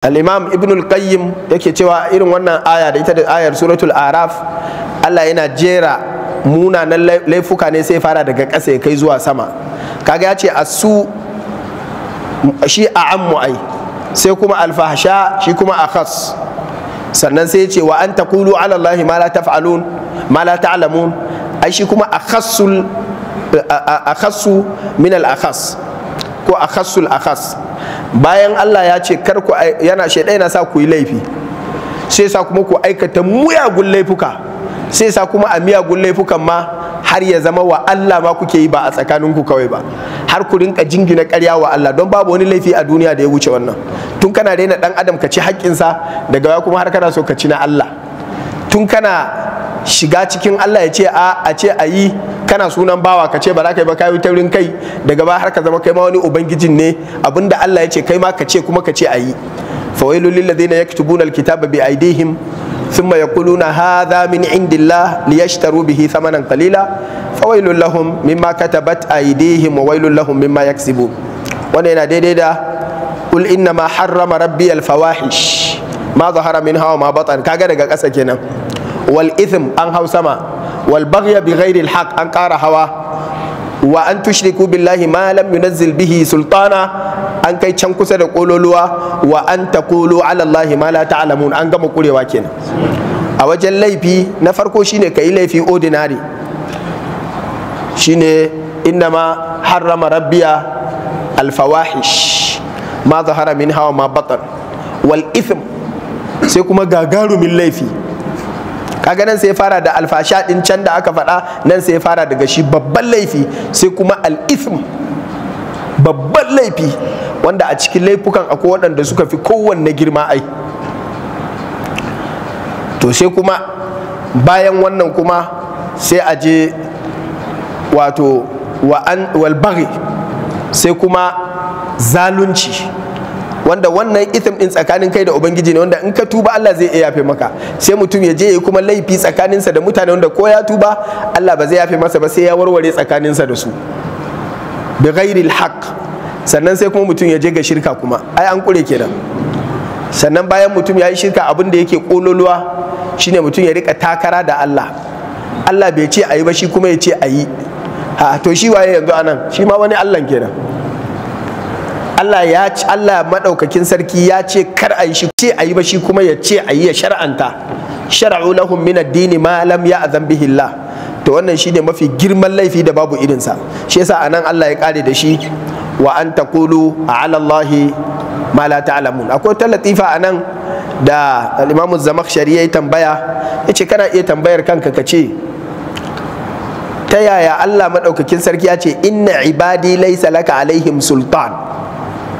Alimam imam ibn al-qayyim yake cewa irin wannan aya da ita da ayar suratul araf Allah yana jera munanan laifuka ne sai fara daga ƙasa ya kai zuwa sama kaga ya ce asu shi a ammu sai kuma alfahasha shi kuma akhas sannan sai ce wa an taqulu alallahi allahi ma la taf'alun ma la ta'lamun ai shi kuma akhassul akhassu ko akasul akas. bayan Allah ya ce kar ku yana shaidai na sa ku yi laifi sai sa kuma ku aikata muyagun laifuka sai sa kuma a miyagun laifukan ma har ya zama wa Allah ma kuke yi ba a tsakanin ku kawai ba har ku rinka jingina ƙarya wa Allah don babu wani laifi a duniya da ya wuce wannan tun kana daina dan adam ka ci haƙƙinsa daga ya kuma har kana so ka ci na Allah tun kana shiga cikin Allah ya ce a a ce a yi kana sunan bawa ka ce ba za ka yi ba kayi taurin kai daga ba har ka zama kai ma wani ubangijin ne abinda Allah ya ce kai ma ka ce kuma ka ce a yi fawailul lil ladina yaktubuna alkitaba bi aidihim thumma yaquluna hadha min indillah liyashtaru bihi thamanan qalila fawailu lahum mimma katabat aidihim wa wailu lahum mimma bu. wannan yana daidai da ul inna ma harrama rabbi alfawahish ma zahara minha wa ma batan kaga daga ƙasa kenan wal ithm an hau sama wal baghya bi ghairi an ƙara hawa wa an tushriku billahi ma lam yunazzil bihi sultana an kai can kusa da kololuwa wa an taqulu ala allahi ma la ta'lamun an gama kurewa kenan a wajen laifi na farko shine kai laifi ordinary shine innama harrama rabbiya alfawahish ma zahara min hawa ma batar wal ithm sai kuma gagarumin laifi kaga nan sai fara da alfasha din can da aka faɗa nan sai fara daga shi babban laifi sai kuma al'ithm babban laifi wanda a cikin laifukan akwai waɗanda suka fi kowanne girma ai to sai kuma bayan wannan kuma sai a je wato wal sai kuma zalunci wanda wannan ithim din tsakanin kai da ubangiji ne wanda in ka tuba Allah zai iya yafe maka sai mutum ya je ya kuma laifi tsakanin sa da mutane wanda ko ya tuba Allah ba zai yafe masa ba sai ya warware sa da su bi ghairi alhaq sannan sai kuma mutum ya je ga shirka kuma ai an kure kenan sannan bayan mutum ya yi shirka abin da yake kololuwa shine mutum ya rika takara da Allah Allah bai ce a yi ba shi kuma ya ce a yi a to shi waye yanzu anan shi ma wani Allah kenan Allah ya ci Allah madaukakin sarki ya ce kar a yi shi ce a yi ba shi kuma ya ce a yi ya shar'anta shar'u lahum min ad-dini ma lam ya'zan bihi Allah to wannan shine mafi girman laifi da babu irinsa shi yasa anan Allah ya kare da shi wa an taqulu ala Allah ma la ta'lamun akwai ta latifa anan da al-Imam Zamakhshari yayi tambaya yace kana iya tambayar kanka kace ta yaya Allah maɗaukakin sarki ya ce inna ibadi laisa laka alaihim sultan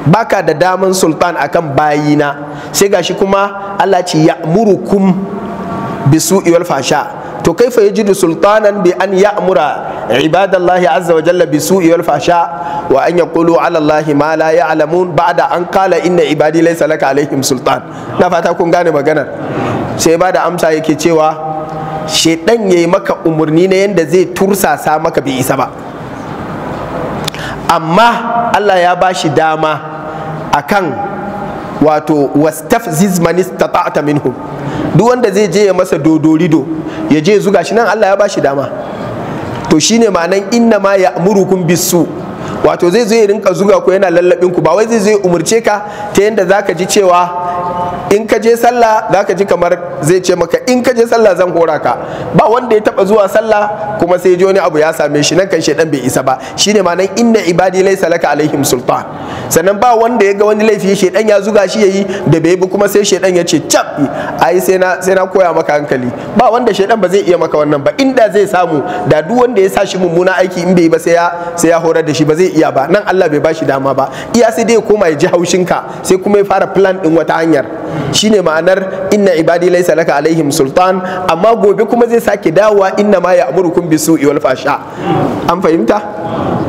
baka da daman sultan akan bayina sai gashi kuma Allah ci ce ya'murukum bisu iwal fasha to kai fa yajidu sultanan bi an ya'mura ibadallahi azza wa jalla bisu iwal fasha wa an yaqulu ala ma la ya'lamun ba'da an qala inna ibadi laysa laka alaihim sultan na fata kun gane maganar sai ba da amsa yake cewa shedan yayi maka umarni na yanda zai tursasa maka bai isa ba amma Allah ya ba shi dama akan wato wastafziz man istata'ta minhum duk wanda zai je ya masa dodorido ya je zuga shi nan Allah ya bashi dama to shine ma'anan inna ma ya ya'murukum bisu wato zai zo ya rinka zuga ko yana lallabin ku ba wai zai zo ya ka ta yanda zaka ji cewa in ka je sallah zaka ji kamar zai ce maka in je sallah zan kora ka ba wanda ya taba zuwa sallah kuma sai ji wani abu ya same shi nan kan shedan bai isa ba shine ma nan inna ibadi laysa laka alaihim sultan sannan ba wanda ya ga wani laifi shedan ya zuga shi yayi da bai bi kuma sai shedan ya ce cap ai sai na sai na koya maka hankali ba wanda shedan ba zai iya maka wannan ba inda zai samu da duk wanda ya sa shi mummuna aiki in bai ba sai ya sai ya horar da shi ba zai iya ba nan Allah bai bashi dama ba iya sai dai koma ya ji haushin ka sai kuma ya fara plan din wata hanyar shine ma'anar inna ibadi laysa laka alaihim sultan amma gobe kuma zai sake dawowa inna ma ya'murukum bisu'i wal fasha an fahimta